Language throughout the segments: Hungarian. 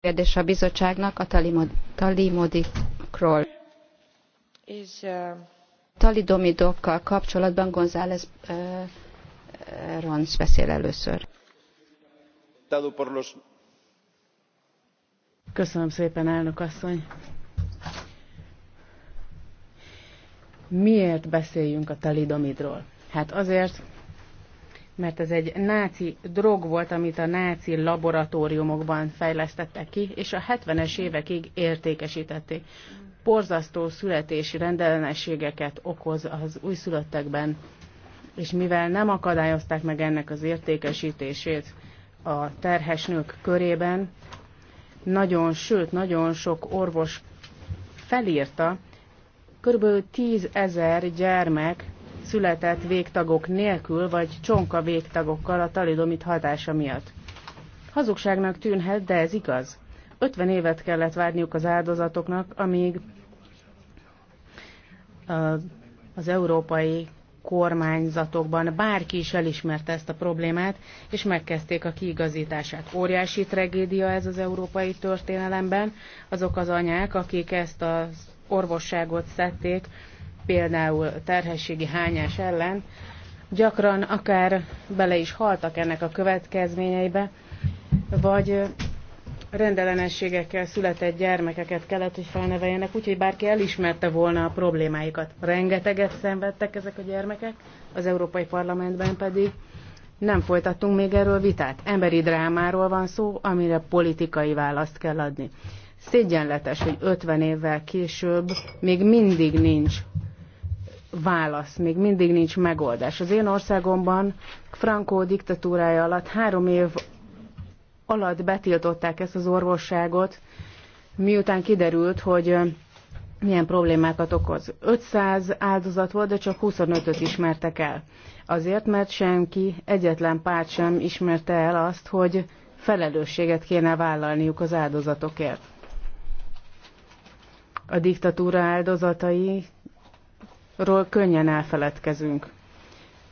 kérdés a bizottságnak a talimodikról. Talidomidokkal kapcsolatban González uh, Rons beszél először. Köszönöm szépen, elnök asszony. Miért beszéljünk a talidomidról? Hát azért, mert ez egy náci drog volt, amit a náci laboratóriumokban fejlesztettek ki, és a 70-es évekig értékesítették. Porzasztó születési rendellenességeket okoz az újszülöttekben, és mivel nem akadályozták meg ennek az értékesítését a terhes nők körében, nagyon, sőt, nagyon sok orvos felírta, körülbelül 10 ezer gyermek született végtagok nélkül, vagy csonka végtagokkal a talidomit hatása miatt. Hazugságnak tűnhet, de ez igaz. 50 évet kellett várniuk az áldozatoknak, amíg az európai kormányzatokban bárki is elismerte ezt a problémát, és megkezdték a kiigazítását. Óriási tragédia ez az európai történelemben. Azok az anyák, akik ezt az orvosságot szedték, például terhességi hányás ellen, gyakran akár bele is haltak ennek a következményeibe, vagy rendellenességekkel született gyermekeket kellett, hogy felneveljenek, úgyhogy bárki elismerte volna a problémáikat. Rengeteget szenvedtek ezek a gyermekek, az Európai Parlamentben pedig nem folytattunk még erről vitát. Emberi drámáról van szó, amire politikai választ kell adni. Szégyenletes, hogy 50 évvel később még mindig nincs válasz, még mindig nincs megoldás. Az én országomban Frankó diktatúrája alatt három év alatt betiltották ezt az orvosságot, miután kiderült, hogy milyen problémákat okoz. 500 áldozat volt, de csak 25-öt ismertek el. Azért, mert senki, egyetlen párt sem ismerte el azt, hogy felelősséget kéne vállalniuk az áldozatokért. A diktatúra áldozatai ról könnyen elfeledkezünk.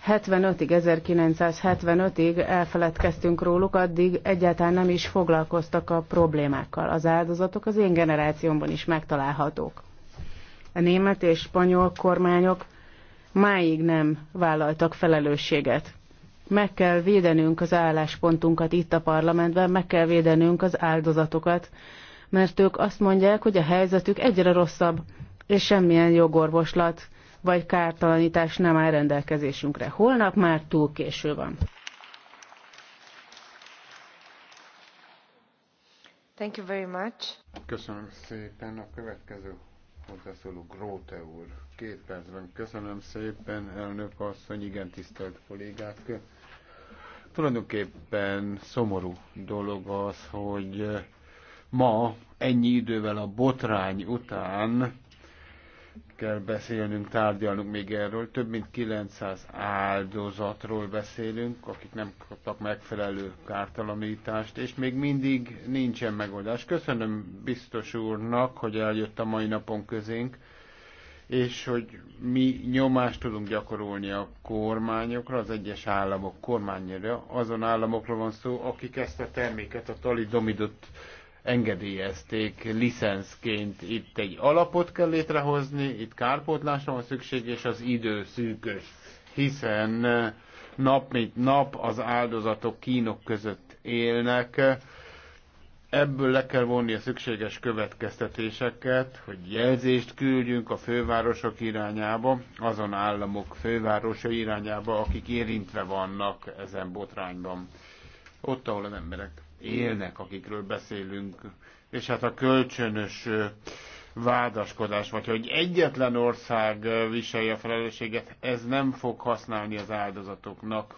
75-ig, 1975-ig elfeledkeztünk róluk, addig egyáltalán nem is foglalkoztak a problémákkal. Az áldozatok az én generációmban is megtalálhatók. A német és spanyol kormányok máig nem vállaltak felelősséget. Meg kell védenünk az álláspontunkat itt a parlamentben, meg kell védenünk az áldozatokat, mert ők azt mondják, hogy a helyzetük egyre rosszabb, és semmilyen jogorvoslat vagy kártalanítás nem áll rendelkezésünkre. Holnap már túl késő van. Thank you very much. Köszönöm szépen. A következő hozzászóló Gróte úr. Két percben. Köszönöm szépen, elnök asszony, igen, tisztelt kollégák. Tulajdonképpen szomorú dolog az, hogy ma ennyi idővel a botrány után kell beszélnünk, tárgyalnunk még erről. Több mint 900 áldozatról beszélünk, akik nem kaptak megfelelő kártalanítást, és még mindig nincsen megoldás. Köszönöm biztos úrnak, hogy eljött a mai napon közénk, és hogy mi nyomást tudunk gyakorolni a kormányokra, az egyes államok kormányra. Azon államokról van szó, akik ezt a terméket, a talidomidot engedélyezték licenszként. Itt egy alapot kell létrehozni, itt kárpótlásra van szükség, és az idő szűkös, hiszen nap mint nap az áldozatok kínok között élnek. Ebből le kell vonni a szükséges következtetéseket, hogy jelzést küldjünk a fővárosok irányába, azon államok fővárosa irányába, akik érintve vannak ezen botrányban, ott, ahol az emberek élnek, akikről beszélünk. És hát a kölcsönös vádaskodás, vagy hogy egyetlen ország viselje a felelősséget, ez nem fog használni az áldozatoknak.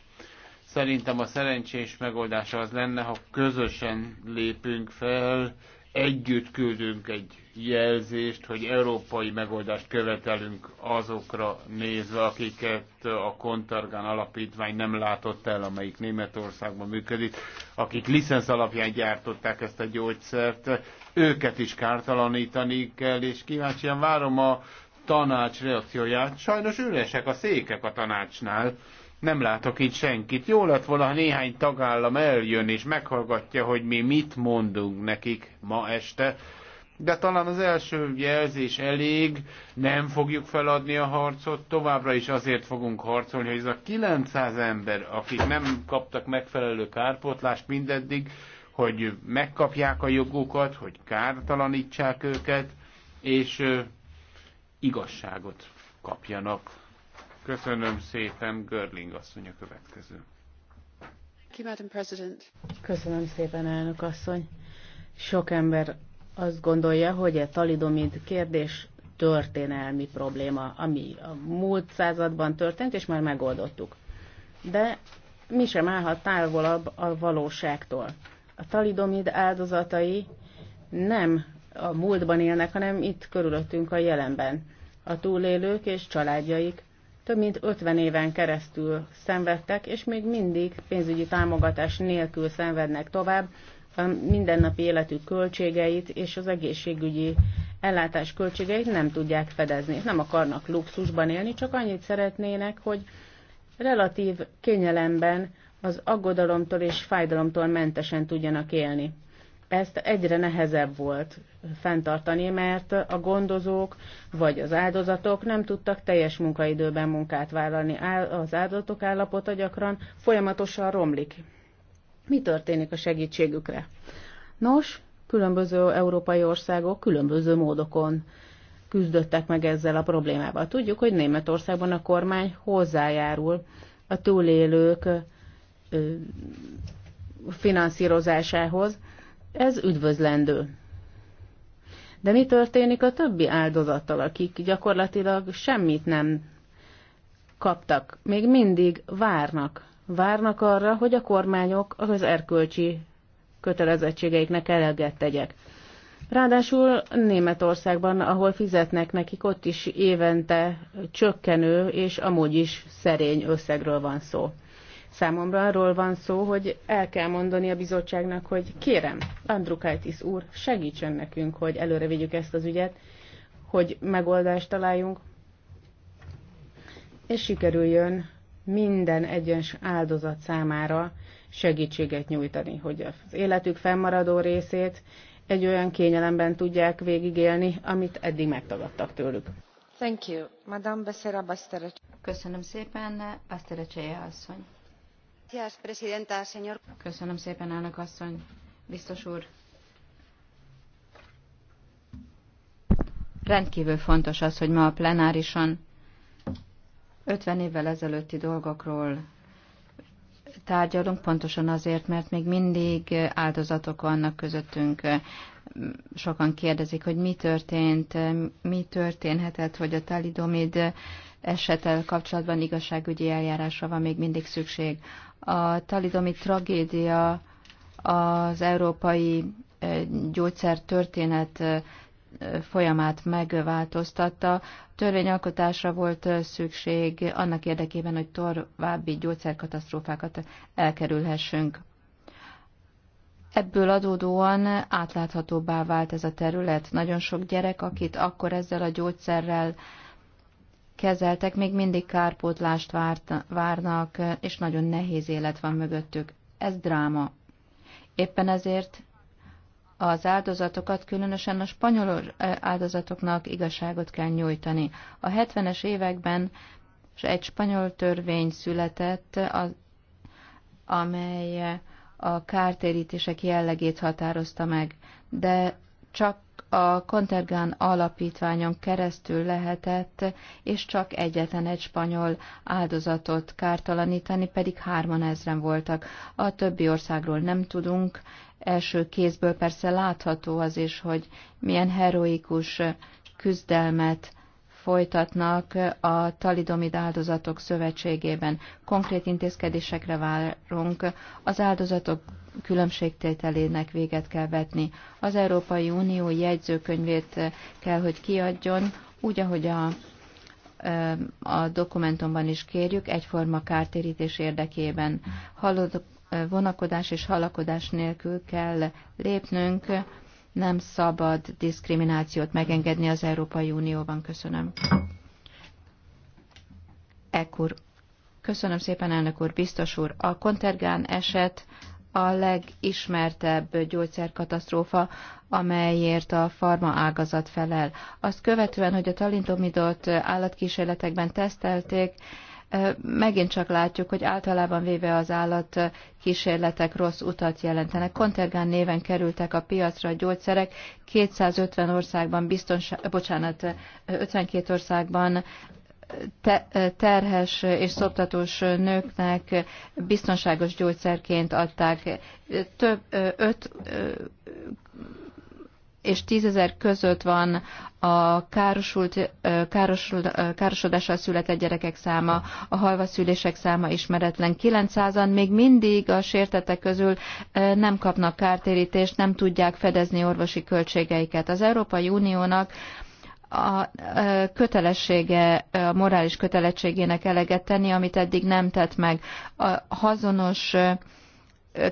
Szerintem a szerencsés megoldása az lenne, ha közösen lépünk fel, együtt küldünk egy jelzést, hogy európai megoldást követelünk azokra nézve, akiket a Kontargán alapítvány nem látott el, amelyik Németországban működik, akik licenc alapján gyártották ezt a gyógyszert. Őket is kártalanítani kell, és kíváncsian várom a tanács reakcióját. Sajnos üresek a székek a tanácsnál nem látok itt senkit. Jó lett volna, ha néhány tagállam eljön és meghallgatja, hogy mi mit mondunk nekik ma este, de talán az első jelzés elég, nem fogjuk feladni a harcot, továbbra is azért fogunk harcolni, hogy ez a 900 ember, akik nem kaptak megfelelő kárpótlást mindeddig, hogy megkapják a jogukat, hogy kártalanítsák őket, és igazságot kapjanak. Köszönöm szépen, Görling asszony a következő. Köszönöm szépen, elnök asszony. Sok ember azt gondolja, hogy a talidomid kérdés történelmi probléma, ami a múlt században történt, és már megoldottuk. De mi sem állhat távolabb a valóságtól. A talidomid áldozatai nem a múltban élnek, hanem itt körülöttünk a jelenben. A túlélők és családjaik több mint 50 éven keresztül szenvedtek, és még mindig pénzügyi támogatás nélkül szenvednek tovább, a mindennapi életük költségeit és az egészségügyi ellátás költségeit nem tudják fedezni. Nem akarnak luxusban élni, csak annyit szeretnének, hogy relatív kényelemben az aggodalomtól és fájdalomtól mentesen tudjanak élni ezt egyre nehezebb volt fenntartani, mert a gondozók vagy az áldozatok nem tudtak teljes munkaidőben munkát vállalni. Az áldozatok állapota gyakran folyamatosan romlik. Mi történik a segítségükre? Nos, különböző európai országok különböző módokon küzdöttek meg ezzel a problémával. Tudjuk, hogy Németországban a kormány hozzájárul a túlélők finanszírozásához, ez üdvözlendő. De mi történik a többi áldozattal, akik gyakorlatilag semmit nem kaptak? Még mindig várnak. Várnak arra, hogy a kormányok az erkölcsi kötelezettségeiknek eleget tegyek. Ráadásul Németországban, ahol fizetnek nekik, ott is évente csökkenő és amúgy is szerény összegről van szó. Számomra arról van szó, hogy el kell mondani a bizottságnak, hogy kérem, Andrukaitis úr, segítsen nekünk, hogy előre vigyük ezt az ügyet, hogy megoldást találjunk, és sikerüljön minden egyes áldozat számára segítséget nyújtani, hogy az életük fennmaradó részét egy olyan kényelemben tudják végigélni, amit eddig megtagadtak tőlük. Thank you. Madame Becerra Köszönöm szépen, Basterecseje asszony. Köszönöm szépen, elnök asszony, biztos úr. Rendkívül fontos az, hogy ma a plenárison 50 évvel ezelőtti dolgokról tárgyalunk, pontosan azért, mert még mindig áldozatok vannak közöttünk. Sokan kérdezik, hogy mi történt, mi történhetett, hogy a talidomid esettel kapcsolatban igazságügyi eljárásra van még mindig szükség a talidomi tragédia az európai gyógyszertörténet folyamát megváltoztatta. Törvényalkotásra volt szükség annak érdekében, hogy további gyógyszerkatasztrófákat elkerülhessünk. Ebből adódóan átláthatóbbá vált ez a terület. Nagyon sok gyerek, akit akkor ezzel a gyógyszerrel uh, kezeltek, még mindig kárpótlást várt, várnak, és nagyon nehéz élet van mögöttük. Ez dráma. Éppen ezért az áldozatokat, különösen a spanyol áldozatoknak igazságot kell nyújtani. A 70-es években egy spanyol törvény született, amely a kártérítések jellegét határozta meg, de csak a Kontergán alapítványon keresztül lehetett, és csak egyetlen egy spanyol áldozatot kártalanítani, pedig hárman ezren voltak. A többi országról nem tudunk, első kézből persze látható az is, hogy milyen heroikus küzdelmet folytatnak a talidomid áldozatok szövetségében. Konkrét intézkedésekre várunk. Az áldozatok különbségtételének véget kell vetni. Az Európai Unió jegyzőkönyvét kell, hogy kiadjon, úgy, ahogy a, a dokumentumban is kérjük, egyforma kártérítés érdekében. Halod, vonakodás és halakodás nélkül kell lépnünk, nem szabad diszkriminációt megengedni az Európai Unióban. Köszönöm. Ekkor. Köszönöm szépen, elnök úr, biztos úr. A Kontergán eset a legismertebb gyógyszerkatasztrófa, amelyért a farma ágazat felel. Azt követően, hogy a talintomidot állatkísérletekben tesztelték, megint csak látjuk, hogy általában véve az állat kísérletek rossz utat jelentenek. Kontergán néven kerültek a piacra a gyógyszerek, 250 országban biztonság, bocsánat, 52 országban terhes és szoptatós nőknek biztonságos gyógyszerként adták. Több öt és tízezer között van a károsult, károsult, károsodással született gyerekek száma, a szülések száma ismeretlen. 900-an még mindig a sértetek közül nem kapnak kártérítést, nem tudják fedezni orvosi költségeiket. Az Európai Uniónak a kötelessége, a morális kötelességének eleget tenni, amit eddig nem tett meg. A hazonos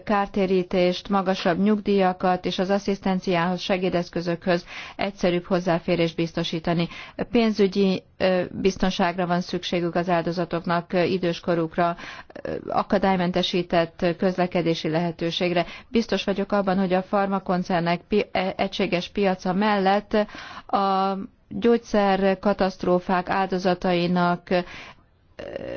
kártérítést, magasabb nyugdíjakat és az asszisztenciához, segédeszközökhöz egyszerűbb hozzáférést biztosítani. Pénzügyi biztonságra van szükségük az áldozatoknak, időskorukra, akadálymentesített közlekedési lehetőségre. Biztos vagyok abban, hogy a farmakoncernek e, egységes piaca mellett a gyógyszerkatasztrófák katasztrófák áldozatainak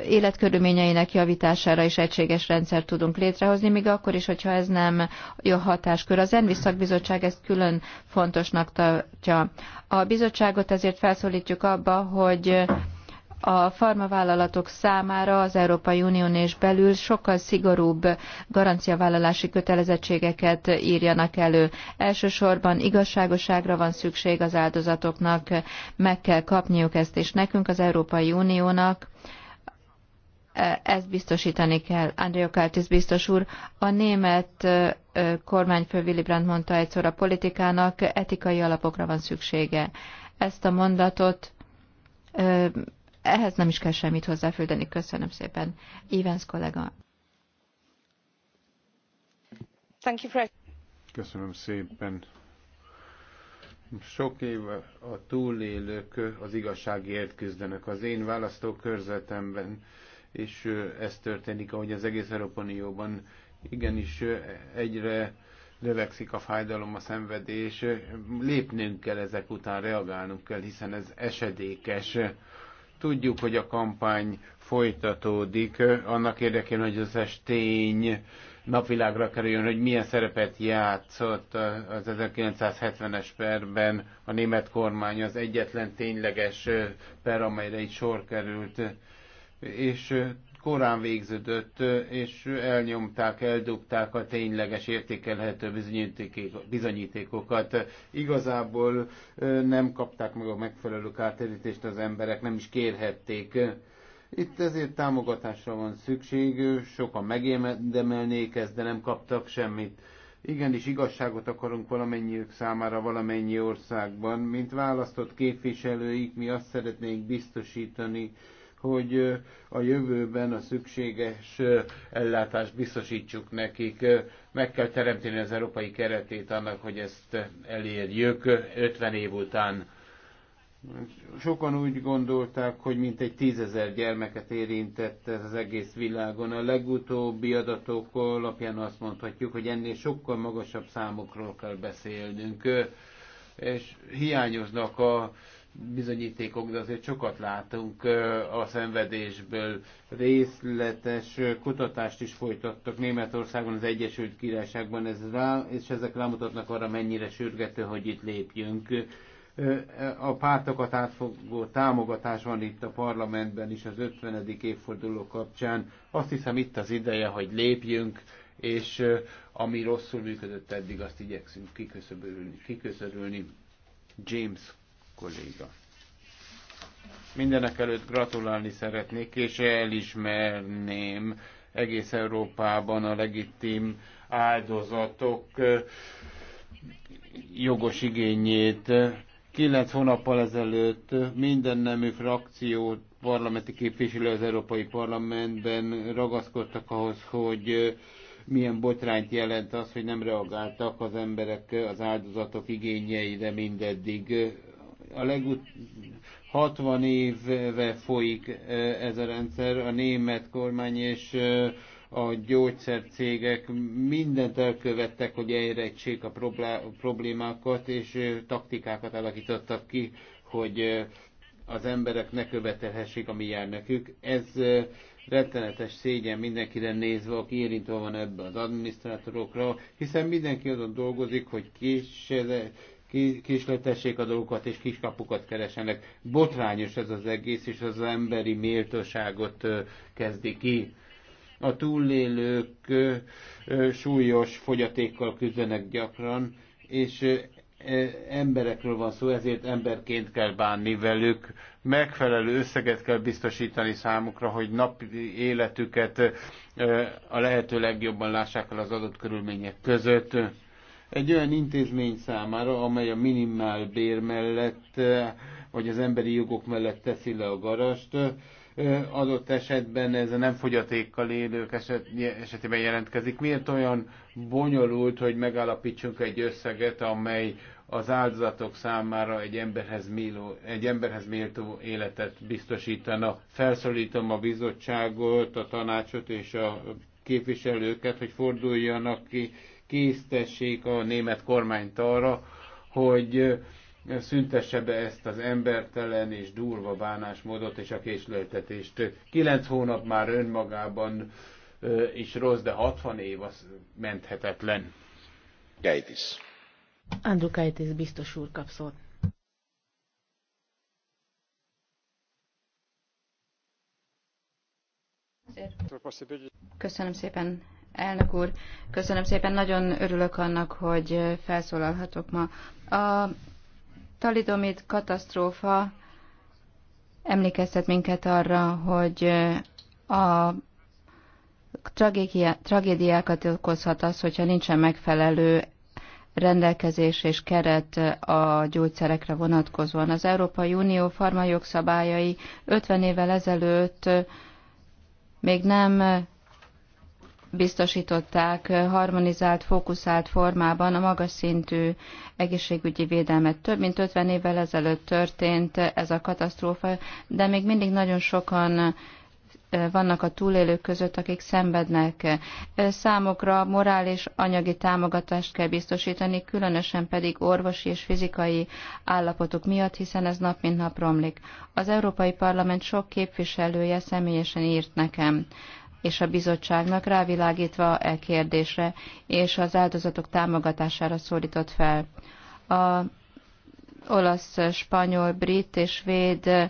életkörülményeinek javítására is egységes rendszer tudunk létrehozni, még akkor is, hogyha ez nem jó hatáskör. Az ENVI szakbizottság ezt külön fontosnak tartja. A bizottságot ezért felszólítjuk abba, hogy a farmavállalatok számára az Európai Unión és belül sokkal szigorúbb garanciavállalási kötelezettségeket írjanak elő. Elsősorban igazságoságra van szükség az áldozatoknak, meg kell kapniuk ezt, és nekünk az Európai Uniónak e, ezt biztosítani kell. Andrea Kártis biztos úr, a német e, e, kormányfő Willy Brandt mondta egyszer, a politikának etikai alapokra van szüksége. Ezt a mondatot ehhez nem is kell semmit hozzáfűdeni. Köszönöm szépen. Ivens kollega. Köszönöm szépen. Sok év a túlélők az igazságért küzdenek. Az én választókörzetemben és ez történik, ahogy az egész Unióban. igenis egyre növekszik a fájdalom, a szenvedés. Lépnünk kell ezek után, reagálnunk kell, hiszen ez esedékes. Tudjuk, hogy a kampány folytatódik annak érdekében, hogy az estény napvilágra kerüljön, hogy milyen szerepet játszott az 1970-es perben a német kormány, az egyetlen tényleges per, amelyre itt sor került. És korán végződött, és elnyomták, eldugták a tényleges értékelhető bizonyítékokat. Igazából nem kapták meg a megfelelő kártérítést az emberek, nem is kérhették. Itt ezért támogatásra van szükség, sokan megérdemelnék ezt, de nem kaptak semmit. Igenis igazságot akarunk valamennyiük számára valamennyi országban. Mint választott képviselőik mi azt szeretnénk biztosítani, hogy a jövőben a szükséges ellátást biztosítsuk nekik. Meg kell teremteni az európai keretét annak, hogy ezt elérjük 50 év után. Sokan úgy gondolták, hogy mintegy tízezer gyermeket érintett ez az egész világon. A legutóbbi adatok alapján azt mondhatjuk, hogy ennél sokkal magasabb számokról kell beszélnünk, és hiányoznak a bizonyítékok, de azért sokat látunk a szenvedésből. Részletes kutatást is folytattak Németországban, az Egyesült Királyságban, ez rá, és ezek rámutatnak arra, mennyire sürgető, hogy itt lépjünk. A pártokat átfogó támogatás van itt a parlamentben is az 50. évforduló kapcsán. Azt hiszem itt az ideje, hogy lépjünk, és ami rosszul működött eddig, azt igyekszünk kiköszörülni. James kolléga. Mindenek előtt gratulálni szeretnék, és elismerném egész Európában a legitim áldozatok eh, jogos igényét. Kilenc hónappal ezelőtt minden nemű frakció parlamenti képviselő az Európai Parlamentben ragaszkodtak ahhoz, hogy eh, milyen botrányt jelent az, hogy nem reagáltak az emberek, eh, az áldozatok igényeire mindeddig a legut 60 éve folyik ez a rendszer, a német kormány és a gyógyszercégek mindent elkövettek, hogy elrejtsék a problémákat, és taktikákat alakítottak ki, hogy az emberek ne követelhessék, ami jár nekük. Ez rettenetes szégyen mindenkire nézve, aki érintve van ebbe az adminisztrátorokra, hiszen mindenki azon dolgozik, hogy kisletessék a dolgokat és kiskapukat keresenek. Botrányos ez az egész, és az emberi méltóságot kezdi ki. A túlélők súlyos fogyatékkal küzdenek gyakran, és e, emberekről van szó, ezért emberként kell bánni velük, megfelelő összeget kell biztosítani számukra, hogy napi életüket a lehető legjobban lássák el az adott körülmények között egy olyan intézmény számára, amely a minimál bér mellett, eh, vagy az emberi jogok mellett teszi le a garast, eh, adott esetben ez a nem fogyatékkal élők eset, esetében jelentkezik. Miért olyan bonyolult, hogy megállapítsunk egy összeget, amely az áldozatok számára egy emberhez, méló, egy emberhez méltó életet biztosítana. Felszólítom a bizottságot, a tanácsot és a képviselőket, hogy forduljanak ki késztessék a német kormányt arra, hogy szüntesse be ezt az embertelen és durva bánásmódot és a késleltetést. Kilenc hónap már önmagában is rossz, de 60 év az menthetetlen. Gaitis. Andrukaitis biztos úr kap szót. Köszönöm szépen, Elnök úr, köszönöm szépen. Nagyon örülök annak, hogy felszólalhatok ma. A talidomid katasztrófa emlékeztet minket arra, hogy a tragédiákat okozhat az, hogyha nincsen megfelelő rendelkezés és keret a gyógyszerekre vonatkozóan. Az Európai Unió farmajogszabályai 50 évvel ezelőtt még nem biztosították harmonizált, fókuszált formában a magas szintű egészségügyi védelmet. Több mint 50 évvel ezelőtt történt ez a katasztrófa, de még mindig nagyon sokan vannak a túlélők között, akik szenvednek. Számokra morális, anyagi támogatást kell biztosítani, különösen pedig orvosi és fizikai állapotuk miatt, hiszen ez nap mint nap romlik. Az Európai Parlament sok képviselője személyesen írt nekem és a bizottságnak rávilágítva e kérdésre, és az áldozatok támogatására szólított fel. A olasz, spanyol, brit és svéd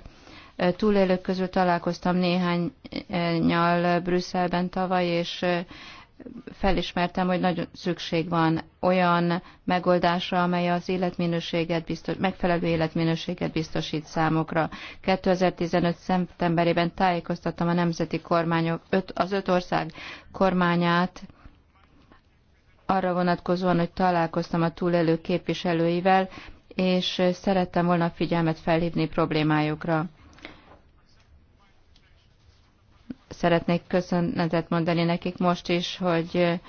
túlélők közül találkoztam néhányal Brüsszelben tavaly, és felismertem, hogy nagyon szükség van olyan megoldásra, amely az életminőséget biztos, megfelelő életminőséget biztosít számokra. 2015. szeptemberében tájékoztattam a nemzeti kormányok, öt, az öt ország kormányát arra vonatkozóan, hogy találkoztam a túlélő képviselőivel, és szerettem volna a figyelmet felhívni problémájukra. szeretnék köszönetet mondani nekik most is, hogy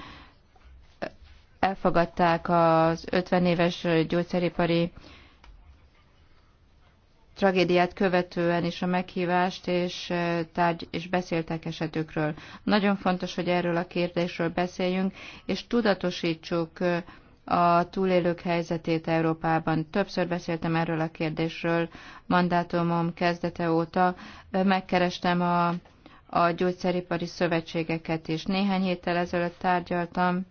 elfogadták az 50 éves gyógyszeripari tragédiát követően is a meghívást, és, tárgy, és beszéltek esetükről. Nagyon fontos, hogy erről a kérdésről beszéljünk, és tudatosítsuk a túlélők helyzetét Európában. Többször beszéltem erről a kérdésről mandátumom kezdete óta. Megkerestem a a gyógyszeripari szövetségeket is. Néhány héttel ezelőtt tárgyaltam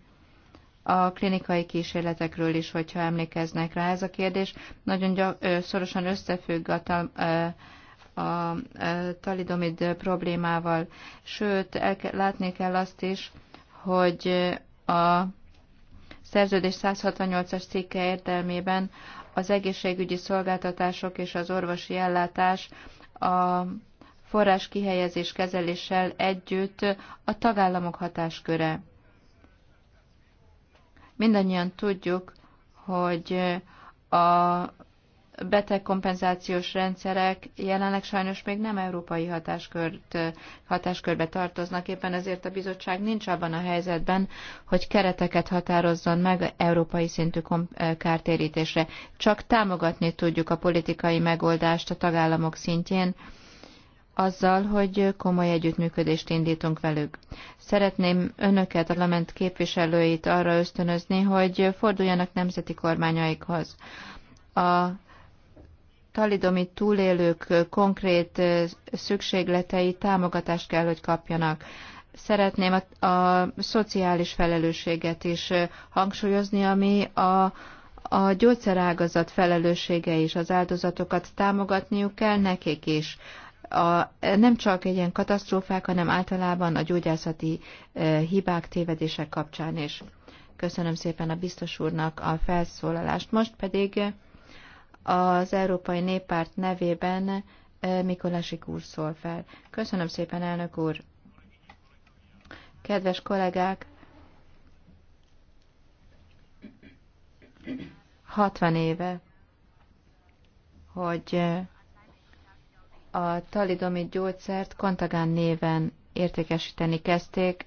a klinikai kísérletekről is, hogyha emlékeznek rá. Ez a kérdés nagyon gyak, szorosan összefügg a, a, a talidomid problémával, sőt, el, látni kell azt is, hogy a szerződés 168-as cikke értelmében az egészségügyi szolgáltatások és az orvosi ellátás a forrás kihelyezés kezeléssel együtt a tagállamok hatásköre. Mindannyian tudjuk, hogy a betegkompenzációs rendszerek jelenleg sajnos még nem európai hatáskört, hatáskörbe tartoznak, éppen ezért a bizottság nincs abban a helyzetben, hogy kereteket határozzon meg európai szintű kártérítésre. Csak támogatni tudjuk a politikai megoldást a tagállamok szintjén, azzal, hogy komoly együttműködést indítunk velük. Szeretném önöket, a lament képviselőit arra ösztönözni, hogy forduljanak nemzeti kormányaikhoz. A talidomi túlélők konkrét szükségletei támogatást kell, hogy kapjanak. Szeretném a, a szociális felelősséget is hangsúlyozni, ami a, a gyógyszerágazat felelőssége is. Az áldozatokat támogatniuk kell nekik is a, nem csak egy ilyen katasztrófák, hanem általában a gyógyászati hibák, tévedések kapcsán is. Köszönöm szépen a biztos úrnak a felszólalást. Most pedig az Európai Néppárt nevében Mikolásik úr szól fel. Köszönöm szépen, elnök úr! Kedves kollégák! 60 éve, hogy a talidomid gyógyszert Kontagán néven értékesíteni kezdték.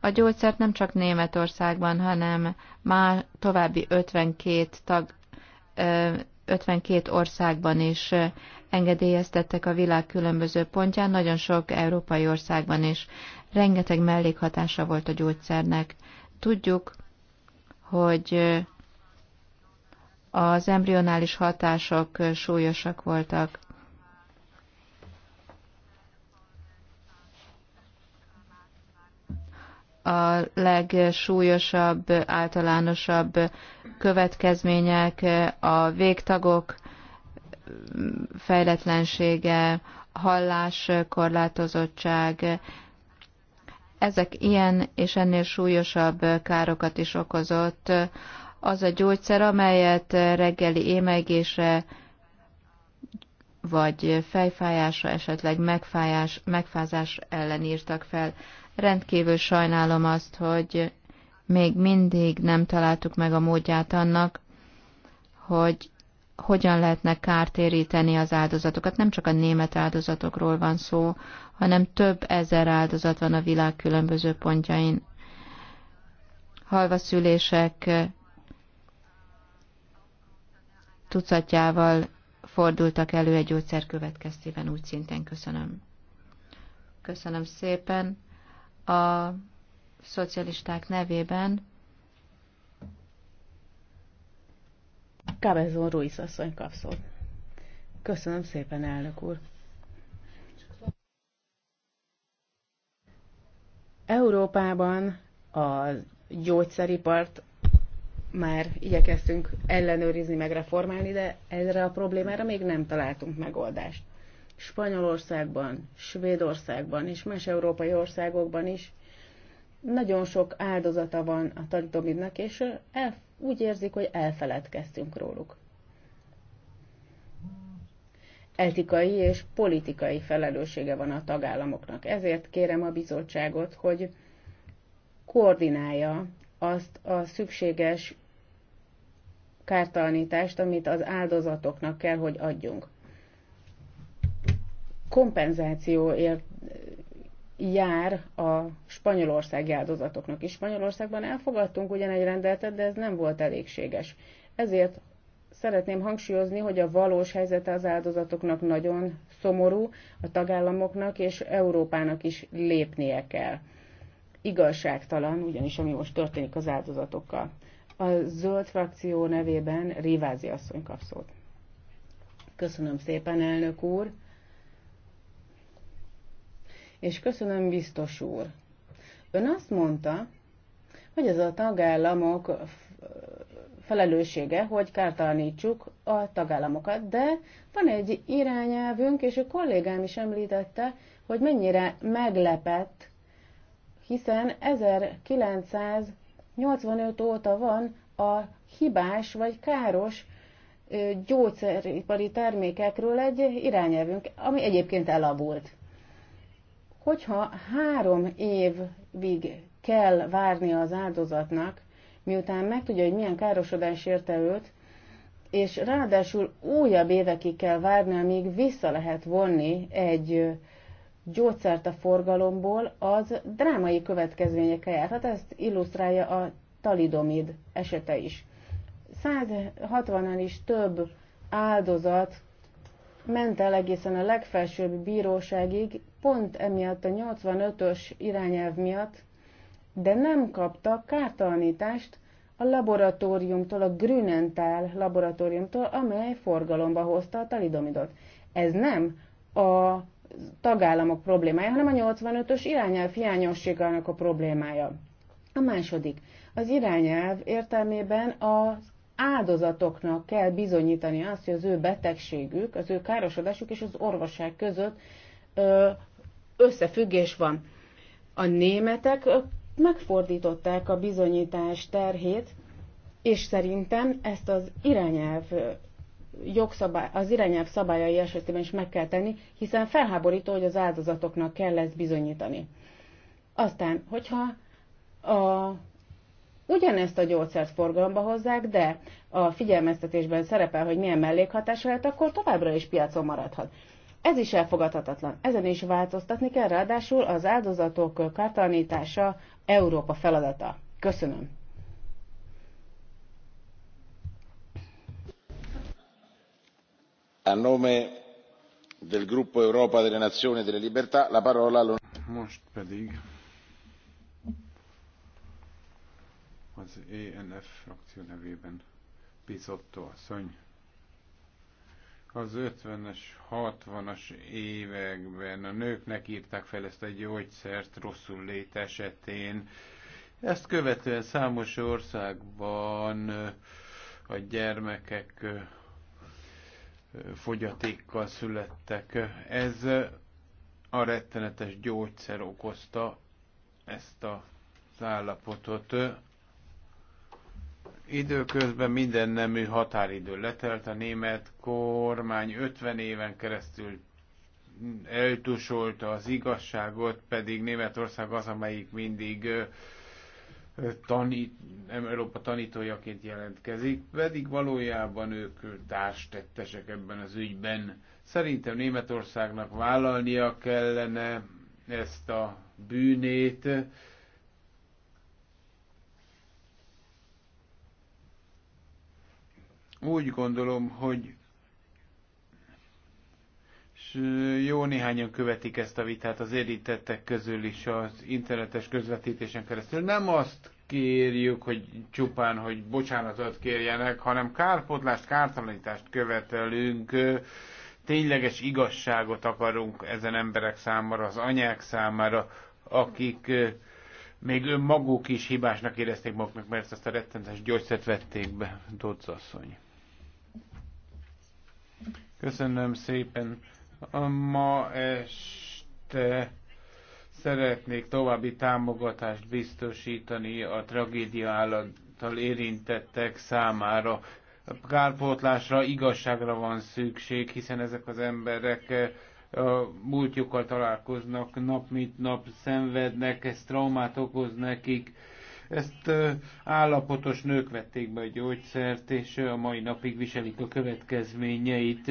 A gyógyszert nem csak Németországban, hanem már további 52 tag, 52 országban is engedélyeztettek a világ különböző pontján, nagyon sok európai országban is. Rengeteg mellékhatása volt a gyógyszernek. Tudjuk, hogy az embrionális hatások súlyosak voltak. a legsúlyosabb, általánosabb következmények, a végtagok fejletlensége, hallás korlátozottság, ezek ilyen és ennél súlyosabb károkat is okozott. Az a gyógyszer, amelyet reggeli émeigésre vagy fejfájása, esetleg megfájás, megfázás ellen írtak fel. Rendkívül sajnálom azt, hogy még mindig nem találtuk meg a módját annak, hogy hogyan lehetne kártéríteni az áldozatokat. Nem csak a német áldozatokról van szó, hanem több ezer áldozat van a világ különböző pontjain. Halvaszülések tucatjával fordultak elő egy gyógyszer következtében, úgy szintén köszönöm. Köszönöm szépen a szocialisták nevében. Kábezon Ruiz asszony kapszol. Köszönöm szépen, elnök úr. Európában a gyógyszeripart már igyekeztünk ellenőrizni, meg reformálni, de erre a problémára még nem találtunk megoldást. Spanyolországban, Svédországban és más európai országokban is nagyon sok áldozata van a talidomidnak, és el, úgy érzik, hogy elfeledkeztünk róluk. Etikai és politikai felelőssége van a tagállamoknak. Ezért kérem a bizottságot, hogy koordinálja azt a szükséges kártalanítást, amit az áldozatoknak kell, hogy adjunk kompenzáció ér, jár a spanyolországi áldozatoknak is. Spanyolországban elfogadtunk ugyan egy rendeletet, de ez nem volt elégséges. Ezért szeretném hangsúlyozni, hogy a valós helyzete az áldozatoknak nagyon szomorú, a tagállamoknak és Európának is lépnie kell. Igazságtalan, ugyanis ami most történik az áldozatokkal. A zöld frakció nevében Rivázi asszony kap szót. Köszönöm szépen, elnök úr! és köszönöm biztos úr. Ön azt mondta, hogy ez a tagállamok felelőssége, hogy kártalanítsuk a tagállamokat, de van egy irányelvünk, és a kollégám is említette, hogy mennyire meglepett, hiszen 1985 óta van a hibás vagy káros gyógyszeripari termékekről egy irányelvünk, ami egyébként elavult. Hogyha három évig kell várni az áldozatnak, miután megtudja, hogy milyen károsodás érte őt, és ráadásul újabb évekig kell várni, amíg vissza lehet vonni egy gyógyszert a forgalomból, az drámai következményekkel járhat. Ezt illusztrálja a talidomid esete is. 160-nál is több áldozat ment el egészen a legfelsőbb bíróságig, pont emiatt a 85-ös irányelv miatt, de nem kapta kártalanítást a laboratóriumtól, a Grünenthal laboratóriumtól, amely forgalomba hozta a talidomidot. Ez nem a tagállamok problémája, hanem a 85-ös irányelv hiányosságának a problémája. A második. Az irányelv értelmében az áldozatoknak kell bizonyítani azt, hogy az ő betegségük, az ő károsodásuk és az orvosság között összefüggés van. A németek megfordították a bizonyítás terhét, és szerintem ezt az irányelv jogszabály, az irányelv szabályai esetében is meg kell tenni, hiszen felháborító, hogy az áldozatoknak kell ezt bizonyítani. Aztán, hogyha a ugyanezt a gyógyszert forgalomba hozzák, de a figyelmeztetésben szerepel, hogy milyen mellékhatása lehet, akkor továbbra is piacon maradhat. Ez is elfogadhatatlan. Ezen is változtatni kell, ráadásul az áldozatok kártalanítása Európa feladata. Köszönöm. A nome del gruppo Europa delle Nazioni e delle Libertà la parola Most pedig az ENF frakció nevében Pizotto asszony. Az 50-es, 60-as években a nőknek írták fel ezt a gyógyszert rosszul lét esetén. Ezt követően számos országban a gyermekek fogyatékkal születtek. Ez a rettenetes gyógyszer okozta ezt a állapotot. Időközben minden nemű határidő letelt, a német kormány 50 éven keresztül eltusolta az igazságot, pedig Németország az, amelyik mindig tanít, Európa tanítójaként jelentkezik, pedig valójában ők társtettesek ebben az ügyben. Szerintem Németországnak vállalnia kellene ezt a bűnét, Úgy gondolom, hogy jó néhányan követik ezt a vitát az érintettek közül is az internetes közvetítésen keresztül. Nem azt kérjük, hogy csupán, hogy bocsánatot kérjenek, hanem kárpotlást, kártalanítást követelünk, tényleges igazságot akarunk ezen emberek számára, az anyák számára, akik még önmaguk is hibásnak érezték maguknak, mert ezt a rettenetes gyógyszert vették be, Dodz asszony. Köszönöm szépen. Ma este szeretnék további támogatást biztosítani a tragédia által érintettek számára. Kárpótlásra, igazságra van szükség, hiszen ezek az emberek eh, a múltjukkal találkoznak, nap mint nap szenvednek, ez traumát okoz nekik ezt állapotos nők vették be a gyógyszert, és a mai napig viselik a következményeit.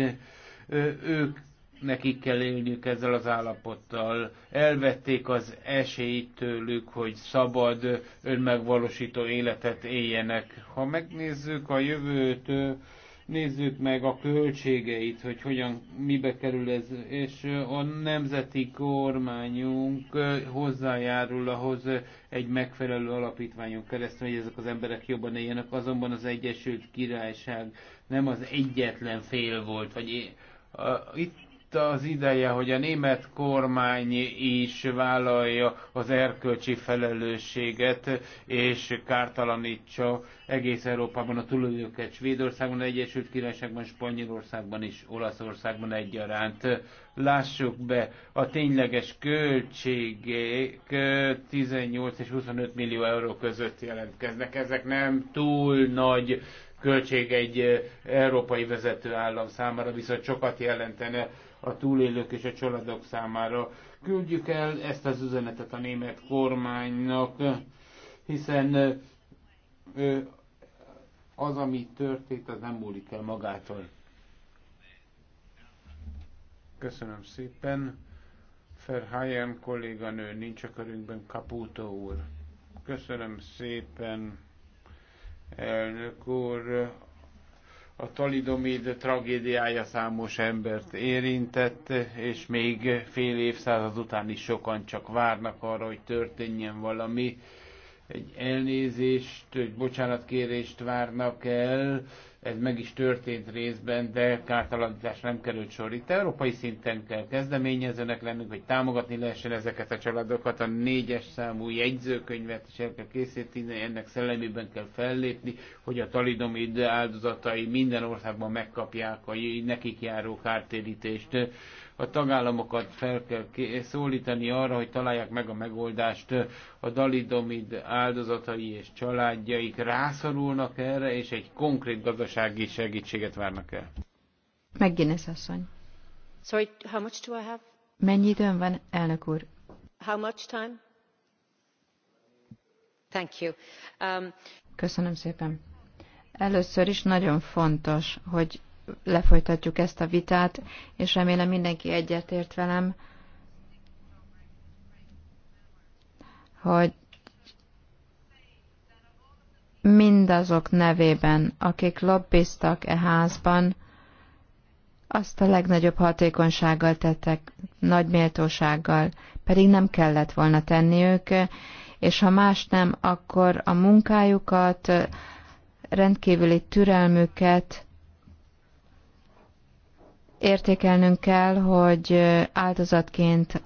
Ők nekik kell élniük ezzel az állapottal. Elvették az esélyt tőlük, hogy szabad, önmegvalósító életet éljenek. Ha megnézzük a jövőt, nézzük meg a költségeit, hogy hogyan, mibe kerül ez, és a nemzeti kormányunk hozzájárul ahhoz egy megfelelő alapítványon keresztül, hogy ezek az emberek jobban éljenek, azonban az Egyesült Királyság nem az egyetlen fél volt, vagy itt az ideje, hogy a német kormány is vállalja az erkölcsi felelősséget, és kártalanítsa egész Európában a tulajdonokat, Svédországban, Egyesült Királyságban, Spanyolországban és Olaszországban egyaránt. Lássuk be, a tényleges költségek 18 és 25 millió euró között jelentkeznek. Ezek nem túl nagy költség egy eh, európai vezető állam számára, viszont sokat jelentene a túlélők és a családok számára. Küldjük el ezt az üzenetet a német kormánynak, hiszen az, ami történt, az nem múlik el magától. Köszönöm szépen. Ferhájen kolléganő nincs a körünkben, Caputo úr. Köszönöm szépen, elnök úr. A talidomid tragédiája számos embert érintett, és még fél évszázad után is sokan csak várnak arra, hogy történjen valami. Egy elnézést, egy bocsánatkérést várnak el, ez meg is történt részben, de kártalanítás nem került sor. Itt európai szinten kell kezdeményezőnek lennünk, hogy támogatni lehessen ezeket a családokat, a négyes számú jegyzőkönyvet is el kell készíteni, ennek szellemében kell fellépni, hogy a talidomid áldozatai minden országban megkapják a nekik járó kártérítést. A tagállamokat fel kell szólítani arra, hogy találják meg a megoldást. A dalidomid áldozatai és családjaik rászorulnak erre, és egy konkrét gazdasági segítséget várnak el. McGuinness asszony. Sorry, how much do I have? Mennyi időm van, elnök úr? How much time? Thank you. Um... Köszönöm szépen. Először is nagyon fontos, hogy lefolytatjuk ezt a vitát, és remélem mindenki egyetért velem, hogy mindazok nevében, akik lobbiztak e házban, azt a legnagyobb hatékonysággal tettek, nagy méltósággal, pedig nem kellett volna tenni ők, és ha más nem, akkor a munkájukat, rendkívüli türelmüket, értékelnünk kell, hogy áldozatként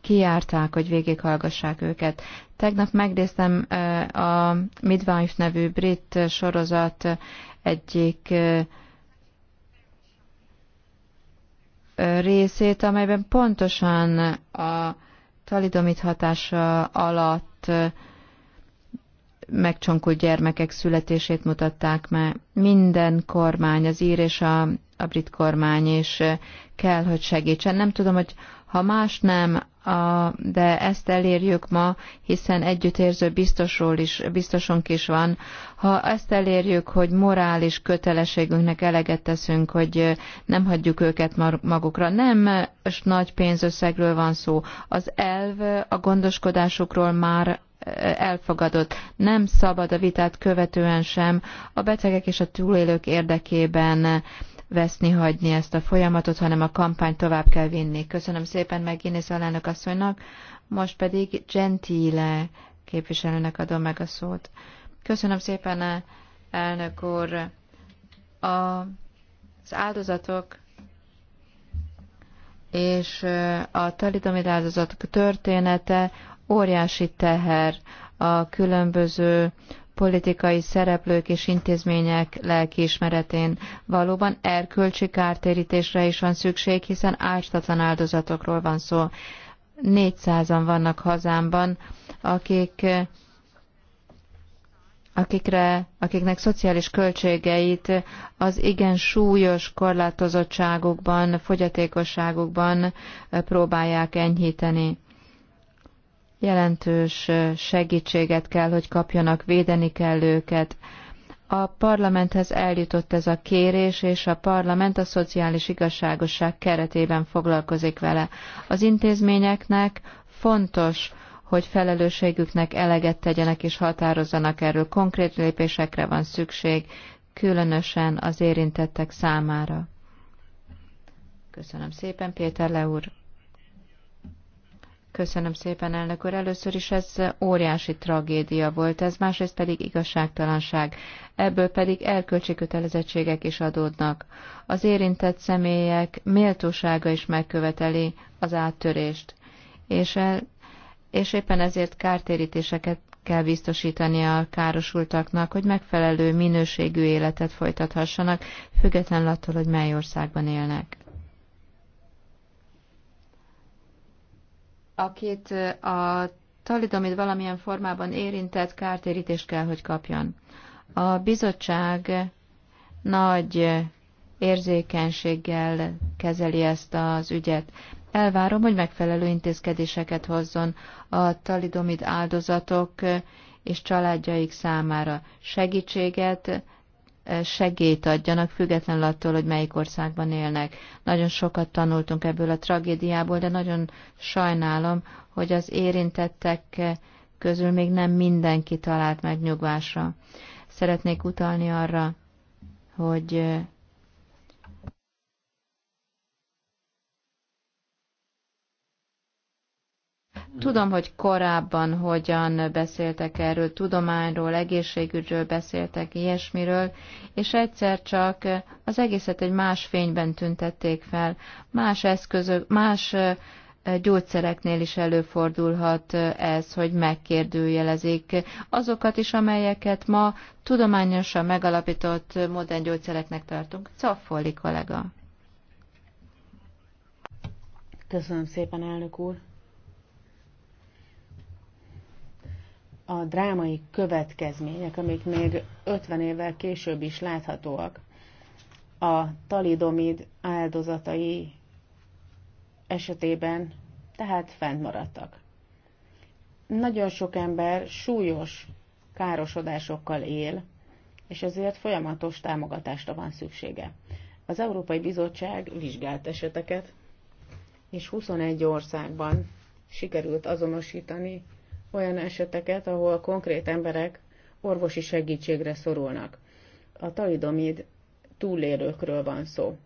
kiárták, hogy végighallgassák őket. Tegnap megnéztem eh, a Midwife nevű brit sorozat egyik eh, részét, amelyben pontosan a talidomit hatása alatt eh, megcsonkult gyermekek születését mutatták meg. Minden kormány, az ír és a a brit kormány és kell, hogy segítsen. Nem tudom, hogy ha más nem, a, de ezt elérjük ma, hiszen együttérző biztosról is, biztosunk is van. Ha ezt elérjük, hogy morális kötelességünknek eleget teszünk, hogy nem hagyjuk őket magukra, nem nagy pénzösszegről van szó. Az elv a gondoskodásukról már elfogadott. Nem szabad a vitát követően sem a betegek és a túlélők érdekében veszni hagyni ezt a folyamatot, hanem a kampány tovább kell vinni. Köszönöm szépen meg Inés Alának asszonynak, most pedig Gentile képviselőnek adom meg a szót. Köszönöm szépen, elnök úr. A, az áldozatok és a talidomid áldozatok története óriási teher a különböző politikai szereplők és intézmények lelkiismeretén. Valóban erkölcsi kártérítésre is van szükség, hiszen ártatlan áldozatokról van szó. 400-an vannak hazámban, akik akikre, akiknek szociális költségeit az igen súlyos korlátozottságukban, fogyatékosságukban próbálják enyhíteni jelentős segítséget kell, hogy kapjanak, védeni kell őket. A parlamenthez eljutott ez a kérés, és a parlament a szociális igazságosság keretében foglalkozik vele. Az intézményeknek fontos, hogy felelősségüknek eleget tegyenek és határozzanak erről. Konkrét lépésekre van szükség, különösen az érintettek számára. Köszönöm szépen, Péter Leúr. Köszönöm szépen, elnök úr. Először is ez óriási tragédia volt, ez másrészt pedig igazságtalanság. Ebből pedig erkölcsi kötelezettségek is adódnak. Az érintett személyek méltósága is megköveteli az áttörést, és, el, és éppen ezért kártérítéseket kell biztosítani a károsultaknak, hogy megfelelő minőségű életet folytathassanak, függetlenül attól, hogy mely országban élnek. akit a talidomid valamilyen formában érintett kártérítést kell, hogy kapjon. A bizottság nagy érzékenységgel kezeli ezt az ügyet. Elvárom, hogy megfelelő intézkedéseket hozzon a talidomid áldozatok és családjaik számára. Segítséget, segélyt adjanak, függetlenül attól, hogy melyik országban élnek. Nagyon sokat tanultunk ebből a tragédiából, de nagyon sajnálom, hogy az érintettek közül még nem mindenki talált meg nyugvásra. Szeretnék utalni arra, hogy Tudom, hogy korábban hogyan beszéltek erről, tudományról, egészségügyről beszéltek, ilyesmiről, és egyszer csak az egészet egy más fényben tüntették fel, más eszközök, más gyógyszereknél is előfordulhat ez, hogy megkérdőjelezik azokat is, amelyeket ma tudományosan megalapított modern gyógyszereknek tartunk. Caffoli kollega. Köszönöm szépen, elnök úr. a drámai következmények, amik még 50 évvel később is láthatóak. A talidomid áldozatai esetében tehát fent maradtak. Nagyon sok ember súlyos károsodásokkal él, és ezért folyamatos támogatásra van szüksége. Az Európai Bizottság vizsgált eseteket, és 21 országban sikerült azonosítani olyan eseteket, ahol konkrét emberek orvosi segítségre szorulnak. A talidomid túlélőkről van szó.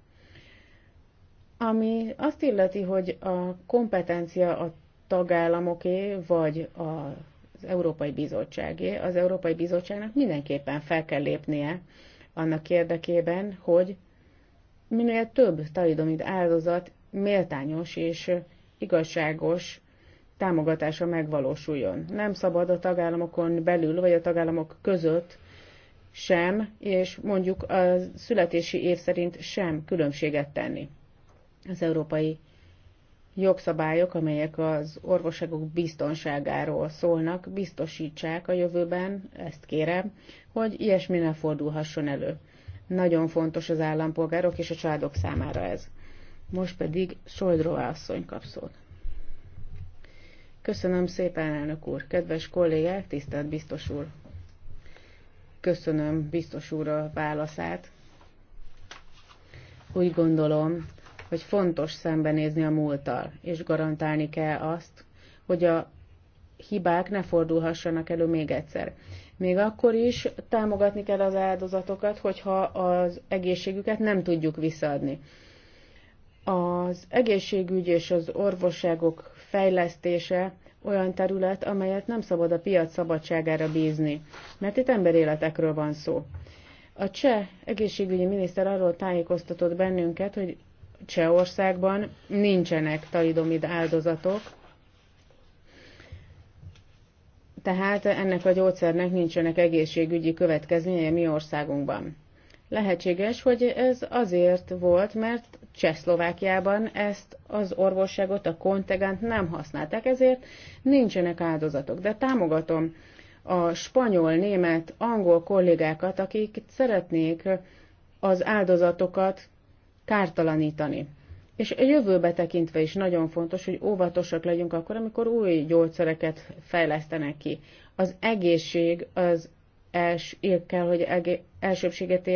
Ami azt illeti, hogy a kompetencia a tagállamoké, vagy az Európai Bizottságé, az Európai Bizottságnak mindenképpen fel kell lépnie annak érdekében, hogy minél több talidomid áldozat méltányos és igazságos támogatása megvalósuljon. Nem szabad a tagállamokon belül vagy a tagállamok között sem, és mondjuk a születési év szerint sem különbséget tenni. Az európai jogszabályok, amelyek az orvosságok biztonságáról szólnak, biztosítsák a jövőben, ezt kérem, hogy ilyesmi ne fordulhasson elő. Nagyon fontos az állampolgárok és a családok számára ez. Most pedig Soldrova asszony kap szót. Köszönöm szépen, elnök úr, kedves kollégák, tisztelt biztos úr. Köszönöm biztos úr a válaszát. Úgy gondolom, hogy fontos szembenézni a múlttal, és garantálni kell azt, hogy a hibák ne fordulhassanak elő még egyszer. Még akkor is támogatni kell az áldozatokat, hogyha az egészségüket nem tudjuk visszaadni. Az egészségügy és az orvosságok fejlesztése olyan terület, amelyet nem szabad a piac szabadságára bízni, mert itt emberéletekről van szó. A cseh egészségügyi miniszter arról tájékoztatott bennünket, hogy Csehországban nincsenek talidomid áldozatok, tehát ennek a gyógyszernek nincsenek egészségügyi következményei mi országunkban. Lehetséges, hogy ez azért volt, mert Csehszlovákiában ezt az orvosságot, a kontegánt nem használták, ezért nincsenek áldozatok. De támogatom a spanyol, német, angol kollégákat, akik szeretnék az áldozatokat kártalanítani. És a jövőbe tekintve is nagyon fontos, hogy óvatosak legyünk akkor, amikor új gyógyszereket fejlesztenek ki. Az egészség az els, él kell, hogy elsőbséget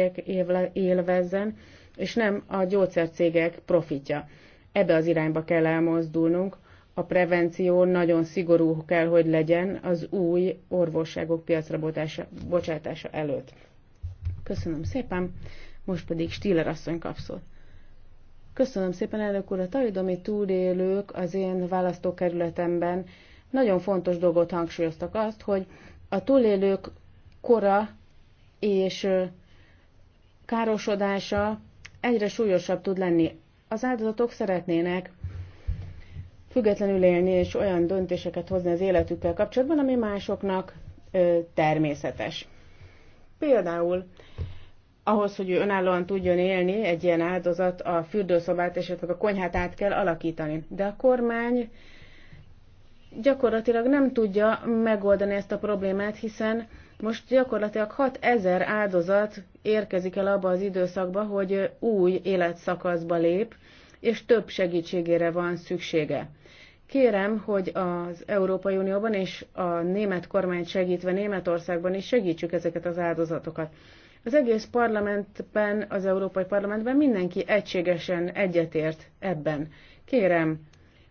élvezzen, és nem a gyógyszercégek profitja. Ebbe az irányba kell elmozdulnunk. A prevenció nagyon szigorú kell, hogy legyen az új orvosságok piacra botása, bocsátása előtt. Köszönöm szépen, most pedig Stiller asszony kapszol. Köszönöm szépen, elnök úr, a tajdomi túlélők az én választókerületemben nagyon fontos dolgot hangsúlyoztak azt, hogy a túlélők kora és károsodása egyre súlyosabb tud lenni. Az áldozatok szeretnének függetlenül élni és olyan döntéseket hozni az életükkel kapcsolatban, ami másoknak természetes. Például ahhoz, hogy ő önállóan tudjon élni, egy ilyen áldozat a fürdőszobát, esetleg hát a konyhát át kell alakítani. De a kormány gyakorlatilag nem tudja megoldani ezt a problémát, hiszen most gyakorlatilag 6000 áldozat érkezik el abba az időszakba, hogy új életszakaszba lép, és több segítségére van szüksége. Kérem, hogy az Európai Unióban és a német kormányt segítve Németországban is segítsük ezeket az áldozatokat. Az egész parlamentben, az Európai Parlamentben mindenki egységesen egyetért ebben. Kérem,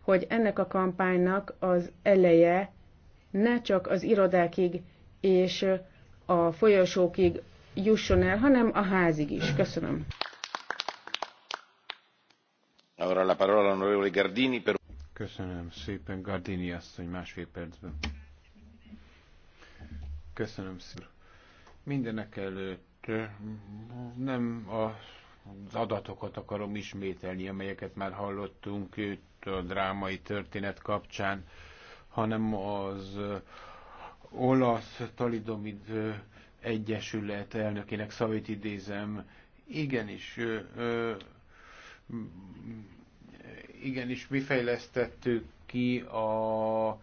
hogy ennek a kampánynak az eleje ne csak az irodákig és a folyosókig jusson el, hanem a házig is. Köszönöm. Gardini Köszönöm szépen, Gardini asszony másfél percben. Köszönöm szépen. Mindenek előtt nem a az adatokat akarom ismételni, amelyeket már hallottunk itt a drámai történet kapcsán, hanem az olasz talidomid egyesület elnökének szavait idézem, igenis, igenis mi fejlesztettük ki a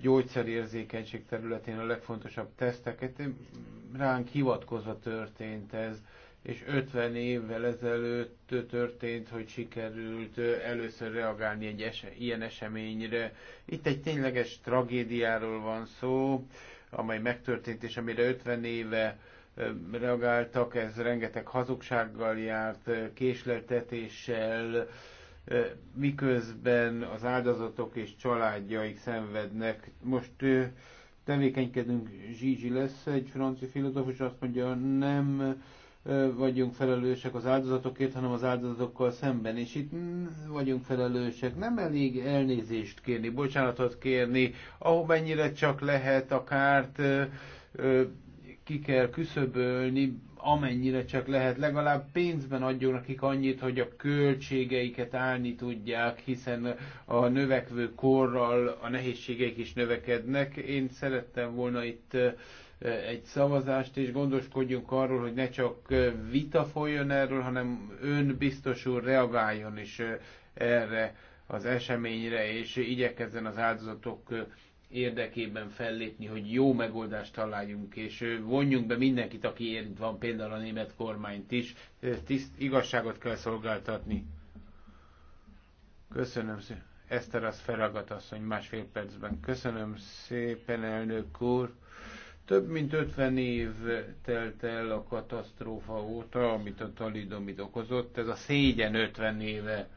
gyógyszerérzékenység területén a legfontosabb teszteket, ránk hivatkozva történt ez és 50 évvel ezelőtt történt, hogy sikerült először reagálni egy es- ilyen eseményre. Itt egy tényleges tragédiáról van szó, amely megtörtént, és amire 50 éve reagáltak, ez rengeteg hazugsággal járt, késleltetéssel, miközben az áldozatok és családjaik szenvednek. Most tevékenykedünk, Zsizsi lesz egy francia filozófus, azt mondja, nem vagyunk felelősek az áldozatokért, hanem az áldozatokkal szemben, és itt vagyunk felelősek. Nem elég elnézést kérni, bocsánatot kérni, mennyire csak lehet a kárt ki kell küszöbölni, amennyire csak lehet. Legalább pénzben adjon nekik annyit, hogy a költségeiket állni tudják, hiszen a növekvő korral a nehézségeik is növekednek. Én szerettem volna itt egy szavazást, és gondoskodjunk arról, hogy ne csak vita folyjon erről, hanem ön biztos úr reagáljon is erre az eseményre, és igyekezzen az áldozatok érdekében fellépni, hogy jó megoldást találjunk, és vonjunk be mindenkit, aki érint van, például a német kormányt is. Tiszt, igazságot kell szolgáltatni. Köszönöm szépen. Eszter az felagat asszony másfél percben. Köszönöm szépen, elnök úr. Több mint 50 év telt el a katasztrófa óta, amit a talidomid okozott. Ez a szégyen 50 éve.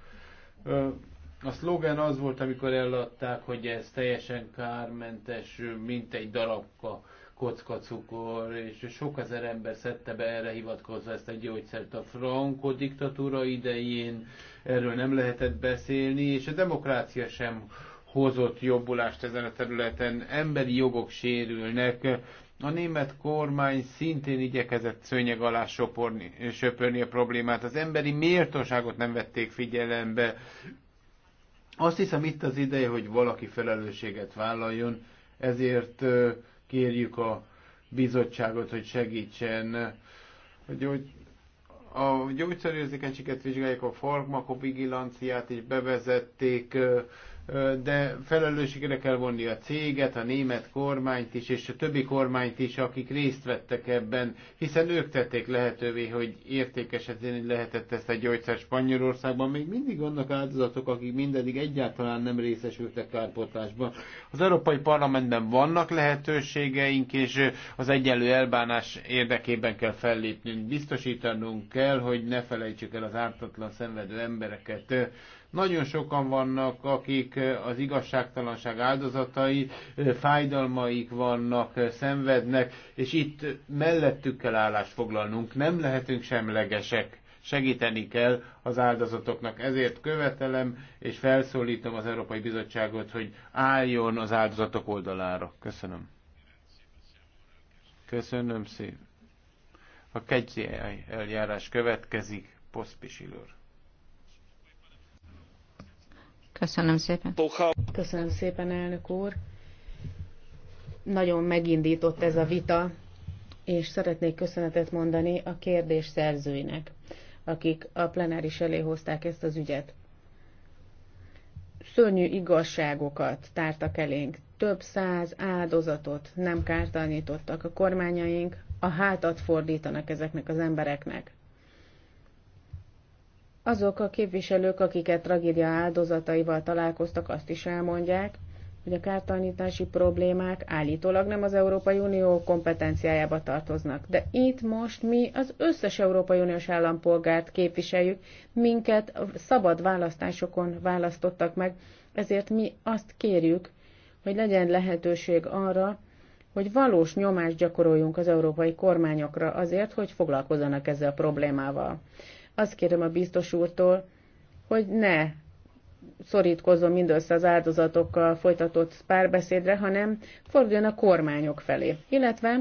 A szlogen az volt, amikor eladták, hogy ez teljesen kármentes, mint egy darabka kocka cukor, és sok ezer ember szedte be erre hivatkozva ezt a gyógyszert a Franco diktatúra idején, erről nem lehetett beszélni, és a demokrácia sem hozott jobbulást ezen a területen, emberi jogok sérülnek, a német kormány szintén igyekezett szőnyeg alá soporni, söpörni a problémát. Az emberi méltóságot nem vették figyelembe. Azt hiszem itt az ideje, hogy valaki felelősséget vállaljon, ezért kérjük a bizottságot, hogy segítsen, hogy a gyógyszerűzékenységet vizsgálják, a farmakovigilanciát is bevezették, de felelősségre kell vonni a céget, a német kormányt is, és a többi kormányt is, akik részt vettek ebben, hiszen ők tették lehetővé, hogy értékes ezért lehetett ezt a gyógyszer Spanyolországban. Még mindig vannak áldozatok, akik mindedig egyáltalán nem részesültek kárpótlásban. Az Európai Parlamentben vannak lehetőségeink, és az egyenlő elbánás érdekében kell fellépnünk. Biztosítanunk kell, hogy ne felejtsük el az ártatlan szenvedő embereket nagyon sokan vannak, akik eh, az igazságtalanság áldozatai, eh, fájdalmaik vannak, eh, szenvednek, és itt mellettük kell állást foglalnunk. Nem lehetünk semlegesek segíteni kell az áldozatoknak. Ezért követelem és felszólítom az Európai Bizottságot, hogy álljon az áldozatok oldalára. Köszönöm. Köszönöm szépen. A kegyzi eljárás következik. Poszpisilőr. Köszönöm szépen. Köszönöm szépen, elnök úr. Nagyon megindított ez a vita, és szeretnék köszönetet mondani a kérdés szerzőinek, akik a plenáris elé hozták ezt az ügyet. Szörnyű igazságokat tártak elénk, több száz áldozatot nem kártalanítottak a kormányaink, a hátat fordítanak ezeknek az embereknek. Azok a képviselők, akiket tragédia áldozataival találkoztak, azt is elmondják, hogy a kártalanítási problémák állítólag nem az Európai Unió kompetenciájába tartoznak. De itt most mi az összes Európai Uniós állampolgárt képviseljük, minket szabad választásokon választottak meg, ezért mi azt kérjük, hogy legyen lehetőség arra, hogy valós nyomást gyakoroljunk az európai kormányokra azért, hogy foglalkozzanak ezzel a problémával. Azt kérem a biztos úrtól, hogy ne szorítkozzon mindössze az áldozatokkal folytatott párbeszédre, hanem forduljon a kormányok felé, illetve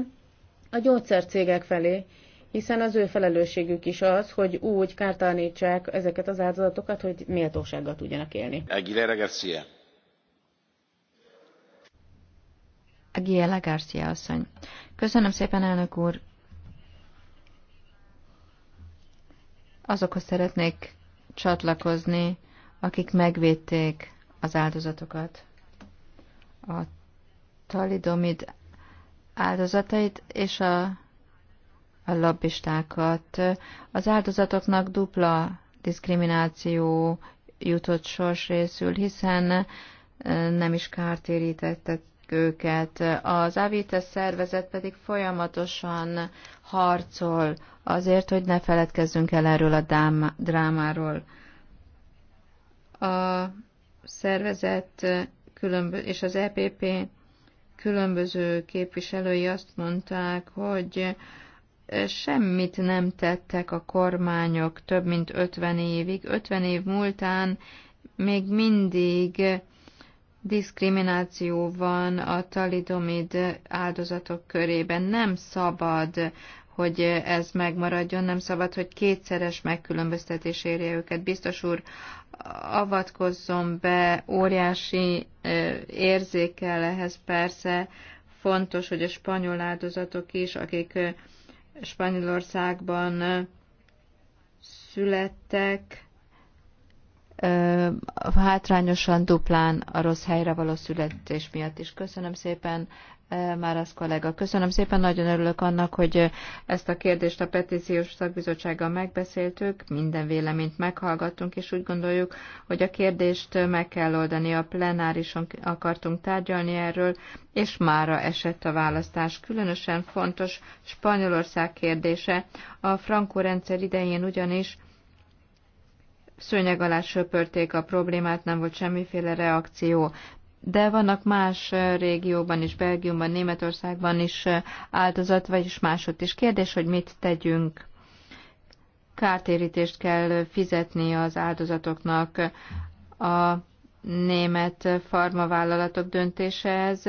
a gyógyszercégek felé, hiszen az ő felelősségük is az, hogy úgy kártalanítsák ezeket az áldozatokat, hogy méltósággal tudjanak élni. Aguilera Garcia. Aguilera Garcia asszony. Köszönöm szépen, elnök úr. Azokhoz szeretnék csatlakozni, akik megvédték az áldozatokat, a talidomid áldozatait és a, a lobbistákat. Az áldozatoknak dupla diszkrimináció jutott sors részül, hiszen nem is kártérítettek őket. Az Avites szervezet pedig folyamatosan harcol azért, hogy ne feledkezzünk el erről a dáma, drámáról. A szervezet különbö- és az EPP különböző képviselői azt mondták, hogy semmit nem tettek a kormányok több mint 50 évig. 50 év múltán még mindig diszkrimináció van a talidomid áldozatok körében. Nem szabad, hogy ez megmaradjon, nem szabad, hogy kétszeres megkülönböztetés érje őket. Biztos úr, avatkozzon be, óriási érzékel ehhez persze, fontos, hogy a spanyol áldozatok is, akik Spanyolországban születtek, hátrányosan duplán a rossz helyre való születés miatt is. Köszönöm szépen, az kollega. Köszönöm szépen, nagyon örülök annak, hogy ezt a kérdést a petíciós szakbizottsággal megbeszéltük, minden véleményt meghallgattunk, és úgy gondoljuk, hogy a kérdést meg kell oldani. A plenárison akartunk tárgyalni erről, és mára esett a választás. Különösen fontos Spanyolország kérdése. A frankó rendszer idején ugyanis szőnyeg alá söpörték a problémát, nem volt semmiféle reakció. De vannak más régióban is, Belgiumban, Németországban is áldozat, vagyis máshogy is. Kérdés, hogy mit tegyünk. Kártérítést kell fizetni az áldozatoknak. A német farmavállalatok döntése ez,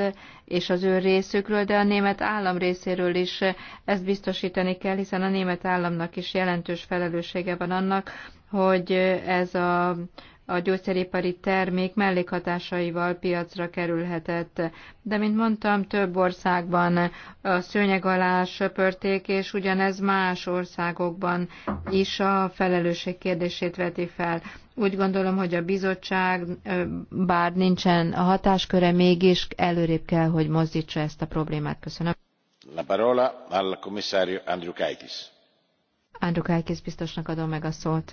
és az ő részükről, de a német állam részéről is ezt biztosítani kell, hiszen a német államnak is jelentős felelőssége van annak, hogy ez a a gyógyszeripari termék mellékhatásaival piacra kerülhetett. De, mint mondtam, több országban a szőnyeg alá söpörték, és ugyanez más országokban is a felelősség kérdését veti fel. Úgy gondolom, hogy a bizottság, bár nincsen a hatásköre, mégis előrébb kell, hogy mozdítsa ezt a problémát. Köszönöm. La parola al commissario Andrew Kaitis. Andrew Kaitis biztosnak adom meg a szót.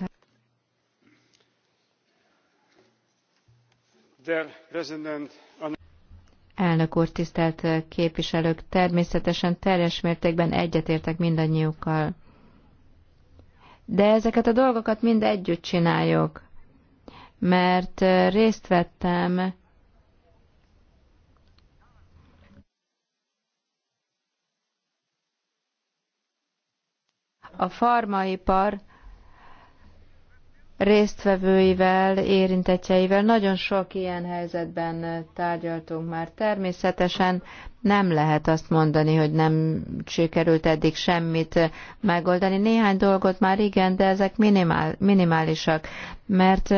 Elnök úr, tisztelt képviselők, természetesen teljes mértékben egyetértek mindannyiukkal. De ezeket a dolgokat mind együtt csináljuk, mert részt vettem a farmaipar résztvevőivel, érintetjeivel. Nagyon sok ilyen helyzetben tárgyaltunk már. Természetesen nem lehet azt mondani, hogy nem sikerült eddig semmit megoldani. Néhány dolgot már igen, de ezek minimál, minimálisak, mert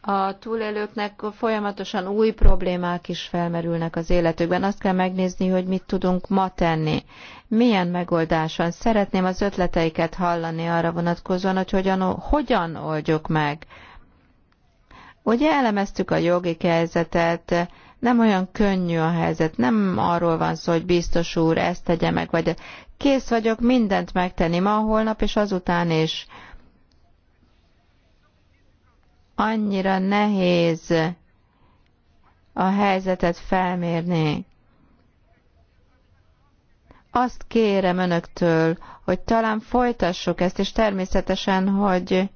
a túlélőknek folyamatosan új problémák is felmerülnek az életükben. Azt kell megnézni, hogy mit tudunk ma tenni. Milyen megoldáson? Szeretném az ötleteiket hallani arra vonatkozóan, hogy hogyan, hogyan oldjuk meg. Ugye elemeztük a jogi helyzetet, nem olyan könnyű a helyzet, nem arról van szó, hogy biztos úr ezt tegye meg, vagy kész vagyok mindent megtenni ma, holnap és azután is. És annyira nehéz a helyzetet felmérni. Azt kérem önöktől, hogy talán folytassuk ezt, és természetesen, hogy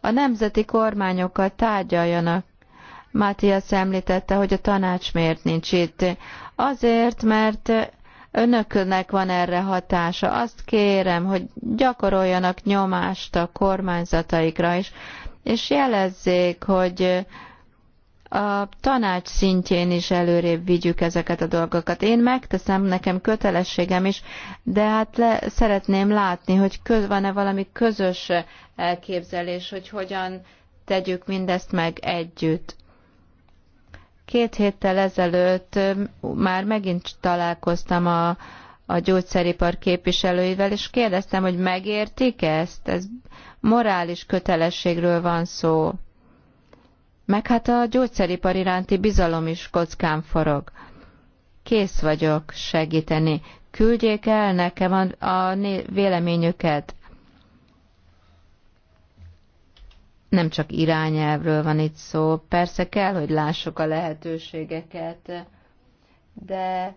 a nemzeti kormányokkal tárgyaljanak. Mátiasz említette, hogy a tanács miért nincs itt. Azért, mert önöknek van erre hatása. Azt kérem, hogy gyakoroljanak nyomást a kormányzataikra, és és jelezzék, hogy a tanács szintjén is előrébb vigyük ezeket a dolgokat. Én megteszem, nekem kötelességem is, de hát le, szeretném látni, hogy köz van-e valami közös elképzelés, hogy hogyan tegyük mindezt meg együtt. Két héttel ezelőtt már megint találkoztam a, a gyógyszeripar képviselőivel, és kérdeztem, hogy megértik ezt? Ez morális kötelességről van szó. Meg hát a gyógyszeripar iránti bizalom is kockán forog. Kész vagyok segíteni. Küldjék el nekem a, a véleményüket. Nem csak irányelvről van itt szó, persze kell, hogy lássuk a lehetőségeket, de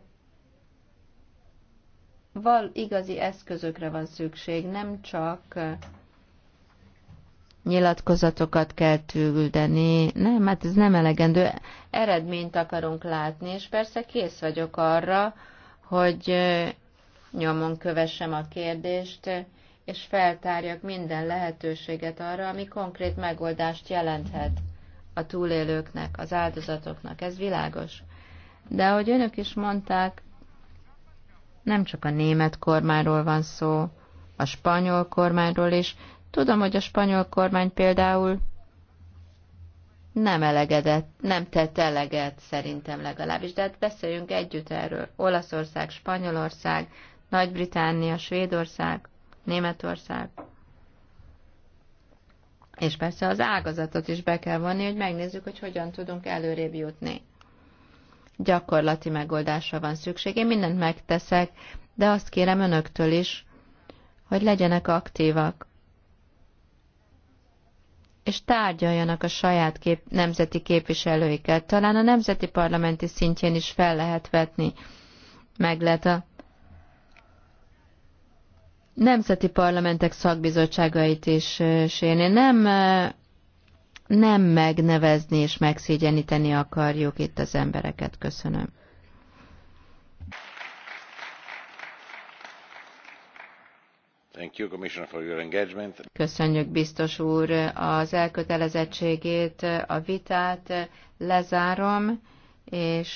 val igazi eszközökre van szükség, nem csak nyilatkozatokat kell küldeni. Nem, hát ez nem elegendő. Eredményt akarunk látni, és persze kész vagyok arra, hogy nyomon kövessem a kérdést, és feltárjak minden lehetőséget arra, ami konkrét megoldást jelenthet a túlélőknek, az áldozatoknak. Ez világos. De ahogy önök is mondták, nem csak a német kormányról van szó, a spanyol kormányról is. Tudom, hogy a spanyol kormány például nem elegedett, nem tett eleget, szerintem legalábbis. De hát beszéljünk együtt erről. Olaszország, Spanyolország, Nagy-Britannia, Svédország, Németország. És persze az ágazatot is be kell vonni, hogy megnézzük, hogy hogyan tudunk előrébb jutni gyakorlati megoldásra van szükség. Én mindent megteszek, de azt kérem önöktől is, hogy legyenek aktívak, és tárgyaljanak a saját kép, nemzeti képviselőikkel. Talán a nemzeti parlamenti szintjén is fel lehet vetni. Meg lehet a nemzeti parlamentek szakbizottságait is sérni. Nem nem megnevezni és megszégyeníteni akarjuk itt az embereket. Köszönöm. Köszönjük biztos úr az elkötelezettségét, a vitát lezárom, és